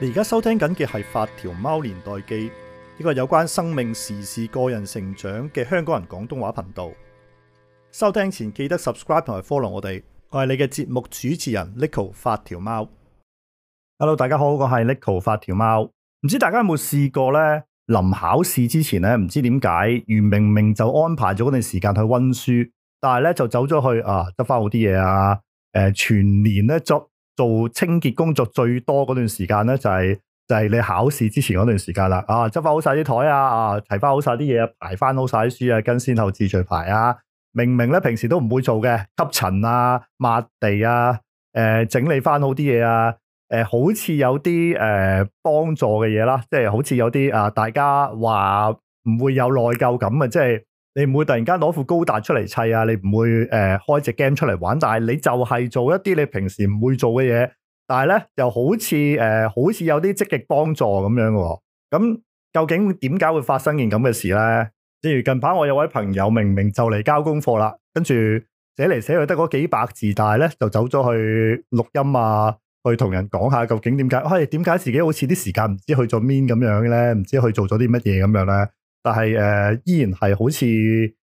你而家收聽緊嘅係《發條貓年代記》，呢個有關生命時事、個人成長嘅香港人廣東話頻道。收聽前記得 subscribe 同埋 follow 我哋。我係你嘅節目主持人 Neko 發條貓。Hello，大家好，我係 Neko 發條貓。唔知大家有冇試過呢？臨考試之前呢，唔知點解，原明明就安排咗嗰段時間去溫書，但係呢就走咗去啊，執返好啲嘢啊。全年呢，執。做清潔工作最多嗰段時間咧，就係、是、就係、是、你考試之前嗰段時間啦。啊，執翻好晒啲枱啊，睇、啊、翻好晒啲嘢，排翻好晒啲書啊，跟先後次序排啊。明明咧，平時都唔會做嘅，吸塵啊，抹地啊，誒、呃，整理翻好啲嘢啊，誒、呃，好似有啲誒幫助嘅嘢啦，即、就、係、是、好似有啲啊、呃，大家話唔會有內疚感嘅，即係。你唔會突然間攞副高達出嚟砌啊！你唔會誒、呃、開隻 game 出嚟玩，但係你就係做一啲你平時唔會做嘅嘢，但係咧又好似誒、呃、好似有啲積極幫助咁樣嘅。咁究竟點解會發生件咁嘅事咧？正如近排我有位朋友明明就嚟交功課啦，跟住寫嚟寫去得嗰幾百字，但係咧就走咗去錄音啊，去同人講下究竟點解？喂、哎，點解自己好似啲時間唔知去咗邊咁樣咧？唔知去做咗啲乜嘢咁樣咧？但係誒，依然係好似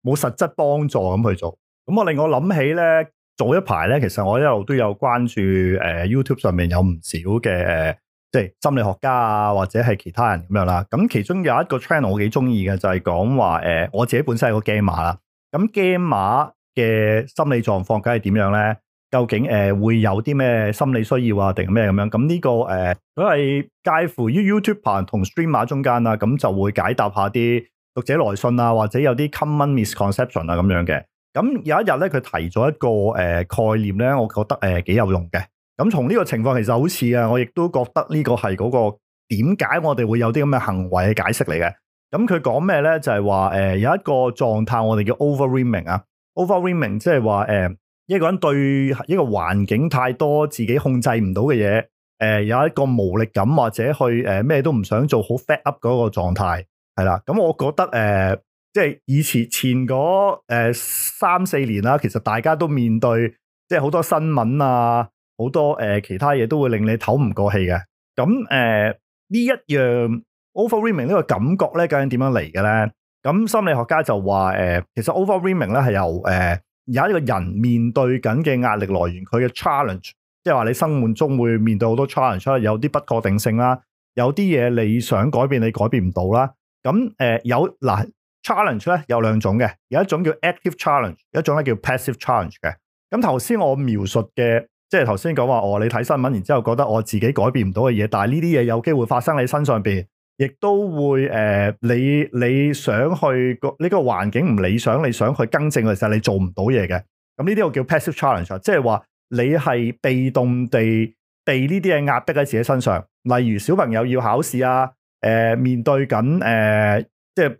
冇實質幫助咁去做。咁我令我諗起咧，早一排咧，其實我一路都有關注誒，呃，YouTube 上面有唔少嘅即係心理學家啊，或者係其他人咁樣啦。咁其中有一個 channel 我幾中意嘅，就係講話誒，我自己本身係個 gamer 啦。咁 gamer 嘅心理狀況，梗係點樣咧？究竟誒、呃、會有啲咩心理需要啊，定咩咁樣咁呢、呢個誒，佢、呃、係介乎於 YouTuber 同 Streamer 中間啊，咁就會解答一下啲讀者來信啊，或者有啲 common misconception 啊咁樣嘅。咁有一日咧，佢提咗一個、呃、概念咧，我覺得誒幾、呃、有用嘅。咁從呢個情況，其實好似啊，我亦都覺得呢個係嗰個點解我哋會有啲咁嘅行為嘅解釋嚟嘅。咁佢講咩咧？就係、是、話、呃、有一個狀態我、啊，我哋叫 overwhelming 啊 overwhelming 即係話誒。呃一個人對一個環境太多自己控制唔到嘅嘢。誒、呃、有一個無力感或者去誒咩、呃、都唔想做，好 fat up 嗰個狀態係啦。咁我覺得誒、呃，即係以前前嗰誒、呃、三四年啦，其實大家都面對即係好多新聞啊，好多誒、呃、其他嘢都會令你唞唔過氣嘅。咁誒呢一樣 overwhelming 呢個感覺咧，究竟點樣嚟嘅咧？咁心理學家就話誒、呃，其實 overwhelming 咧係由誒。呃而有一個人面對緊嘅壓力來源，佢嘅 challenge，即係話你生活中會面對好多 challenge，有啲不確定性啦，有啲嘢你想改變你改變唔到、呃、啦。咁有嗱 challenge 咧有兩種嘅，有一種叫 active challenge，有一種咧叫 passive challenge 嘅。咁頭先我描述嘅，即係頭先講話哦你睇新聞，然之後覺得我自己改變唔到嘅嘢，但係呢啲嘢有機會發生喺身上邊。亦都會誒、呃，你你想去個呢、這個環境唔理想，你想去更正，其實你做唔到嘢嘅。咁呢啲我叫 passive challenge，即係話你係被動地被呢啲嘢壓迫喺自己身上。例如小朋友要考試啊，誒、呃、面對緊誒、呃，即係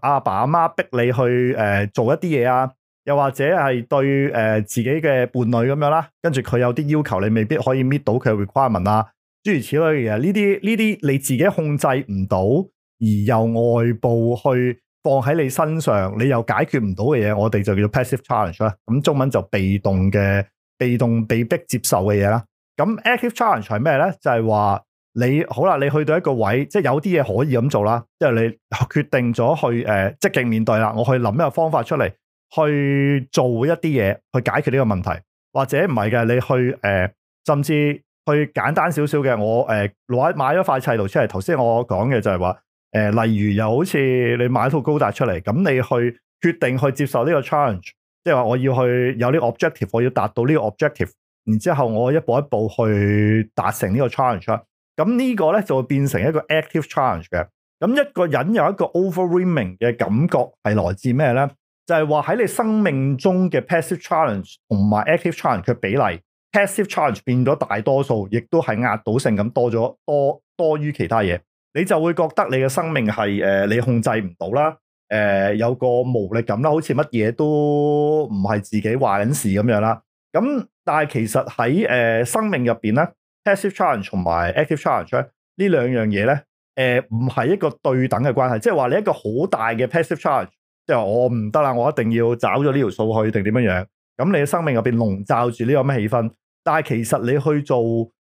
阿爸阿媽逼你去誒、呃、做一啲嘢啊，又或者係對誒、呃、自己嘅伴侶咁樣啦，跟住佢有啲要求，你未必可以 meet 到佢嘅 requirement 啊。諸如此類嘅嘢，呢啲呢啲你自己控制唔到，而由外部去放喺你身上，你又解決唔到嘅嘢，我哋就叫做 passive challenge 啦。咁中文就被動嘅、被動被逼接受嘅嘢啦。咁 active challenge 係咩咧？就係話你好啦，你去到一個位，即係有啲嘢可以咁做啦。即係你決定咗去誒積極面對啦，我去諗一個方法出嚟去做一啲嘢去解決呢個問題，或者唔係嘅，你去、呃、甚至。去簡單少少嘅，我誒買咗塊砌圖出嚟。頭先我講嘅就係話，誒例如又好似你買一套高達出嚟，咁你去決定去接受呢個 challenge，即係話我要去有呢個 objective，我要達到呢個 objective，然之後我一步一步去達成呢個 challenge。咁呢個咧就會變成一個 active challenge 嘅。咁一個人有一個 overwhelming 嘅感覺係來自咩咧？就係話喺你生命中嘅 passive challenge 同埋 active challenge 嘅比例。Passive charge 變咗大多數，亦都係壓倒性咁多咗，多多，多於其他嘢，你就會覺得你嘅生命係、呃、你控制唔到啦，誒有個無力感啦，好似乜嘢都唔係自己話緊事咁樣啦。咁但係其實喺、呃、生命入邊咧，passive charge 同埋 active charge 呢、啊、兩樣嘢咧，誒唔係一個對等嘅關係，即係話你一個好大嘅 passive charge，即係我唔得啦，我一定要找咗呢條數去定點樣樣。咁你嘅生命入邊，籠罩住呢個咩氣氛？但係其實你去做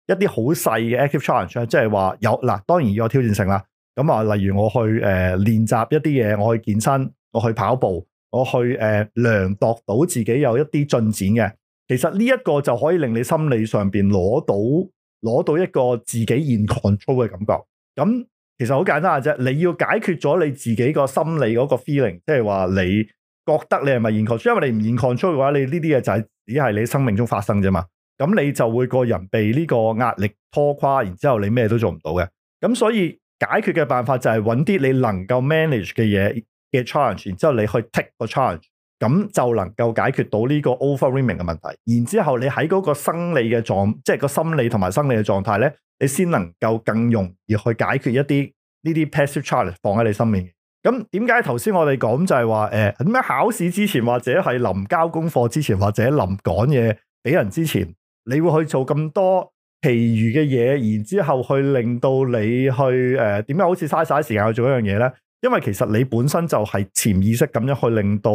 一啲好細嘅 active challenge，即係話有嗱，當然要有挑戰性啦。咁啊，例如我去誒、呃、練習一啲嘢，我去健身，我去跑步，我去誒、呃、量度到自己有一啲進展嘅。其實呢一個就可以令你心理上邊攞到攞到一個自己 in control 嘅感覺。咁其實好簡單嘅啫，你要解決咗你自己個心理嗰個 feeling，即係話你覺得你係咪 in control？因為你唔 in control 嘅話，你呢啲嘢就係、是、只係你生命中發生啫嘛。咁你就會個人被呢個壓力拖垮，然之後你咩都做唔到嘅。咁所以解決嘅辦法就係揾啲你能夠 manage 嘅嘢嘅 challenge，然之後你去 take 個 challenge，咁就能夠解決到呢個 overwhelming 嘅問題。然之後你喺嗰個生理嘅狀，即係個心理同埋生理嘅狀態咧，你先能夠更容易去解決一啲呢啲 passive challenge 放喺你身面。咁點解頭先我哋講就係話誒，咩，呃，考試之前或者係臨交功課之前或者臨講嘢俾人之前？你會去做咁多其餘嘅嘢，然後之後去令到你去誒，點、呃、解好似嘥晒時間去做一樣嘢咧？因為其實你本身就係潛意識咁樣去令到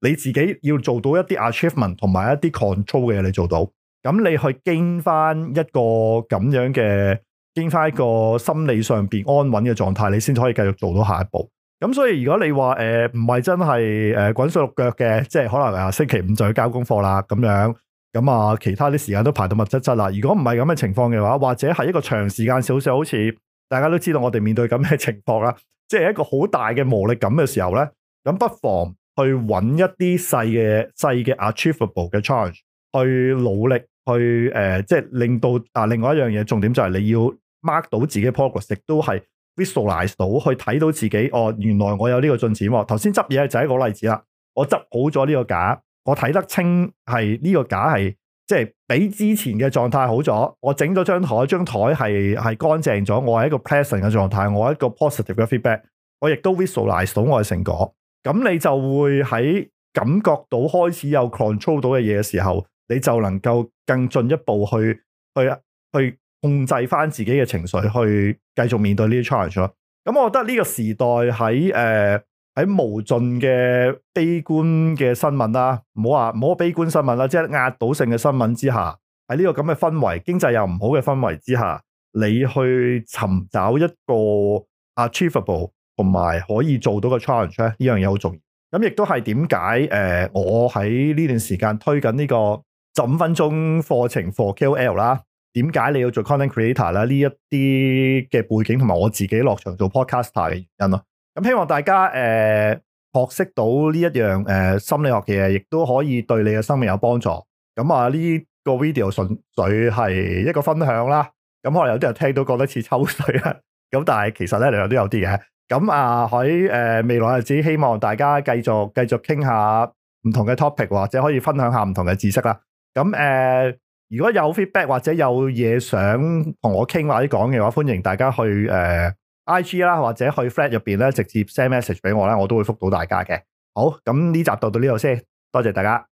你自己要做到一啲 achievement 同埋一啲 control 嘅嘢，你做到，咁你去經翻一個咁樣嘅，經翻一個心理上邊安穩嘅狀態，你先可以繼續做到下一步。咁所以如果你話誒唔係真係誒、呃、滾水淥腳嘅，即係可能啊、呃、星期五就要交功課啦咁樣。咁啊，其他啲時間都排到密密窒啦。如果唔係咁嘅情況嘅話，或者係一個長時間小小，少少好似大家都知道，我哋面對咁嘅情況啦，即係一個好大嘅無力感嘅時候咧，咁不妨去揾一啲細嘅細嘅 achievable 嘅 challenge 去努力去即係、呃就是、令到啊，另外一樣嘢重點就係你要 mark 到自己 progress，亦都係 visualize 到去睇到自己哦，原來我有呢個進展，哦。頭先執嘢就係一個例子啦，我執好咗呢個架。我睇得清係呢個假係，即係比之前嘅狀態好咗。我整咗張台，張台係係乾淨咗。我係一個 pleasant 嘅狀態，我係一個 positive 嘅 feedback。我亦都 visualize 到我嘅成果。咁你就會喺感覺到開始有 control 到嘅嘢嘅時候，你就能夠更進一步去去去控制翻自己嘅情緒，去繼續面對呢啲 challenge 咯。咁我覺得呢個時代喺誒。呃喺無盡嘅悲觀嘅新聞啦，唔好話唔好悲觀新聞啦，即係壓倒性嘅新聞之下，喺呢個咁嘅氛圍、經濟又唔好嘅氛圍之下，你去尋找一個 achievable 同埋可以做到嘅 challenge，呢樣嘢好重要。咁亦都係點解誒我喺呢段時間推緊呢個十五分鐘課程 for KOL 啦，點解你要做 content creator 啦，呢一啲嘅背景同埋我自己落場做 podcaster 嘅原因咯。咁希望大家誒、呃、學識到呢一樣誒、呃、心理學嘅嘢，亦都可以對你嘅生命有幫助。咁啊呢個 video 純粹係一個分享啦。咁可能有啲人聽到覺得似抽水啦。咁但係其實咧你又都有啲嘅。咁啊喺誒、呃、未來日子，希望大家繼續繼續傾下唔同嘅 topic 或者可以分享下唔同嘅知識啦。咁誒、呃、如果有 feedback 或者有嘢想同我傾或者講嘅話，歡迎大家去誒。呃 I G 啦，或者去 Flat 入邊咧，直接 send message 俾我啦，我都會覆到大家嘅。好，咁呢集到到呢度先，多謝大家。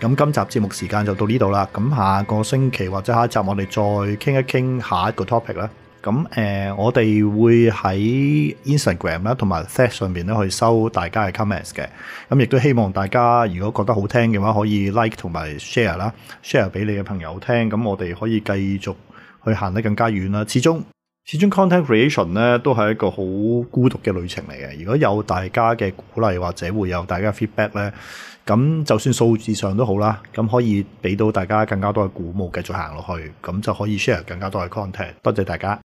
咁今集節目時間就到呢度啦。咁下個星期或者下一集，我哋再傾一傾下一個 topic 啦。咁誒、呃，我哋會喺 Instagram 啦，同埋 Flat 上面咧去收大家嘅 comments 嘅。咁亦都希望大家如果覺得好聽嘅話，可以 like 同埋 share 啦，share 俾你嘅朋友聽。咁我哋可以繼續。去行得更加遠啦！始終始終 content creation 咧都係一個好孤獨嘅旅程嚟嘅。如果有大家嘅鼓勵或者會有大家 feedback 咧，咁就算數字上都好啦，咁可以俾到大家更加多嘅鼓舞，繼續行落去，咁就可以 share 更加多嘅 content。多謝大家。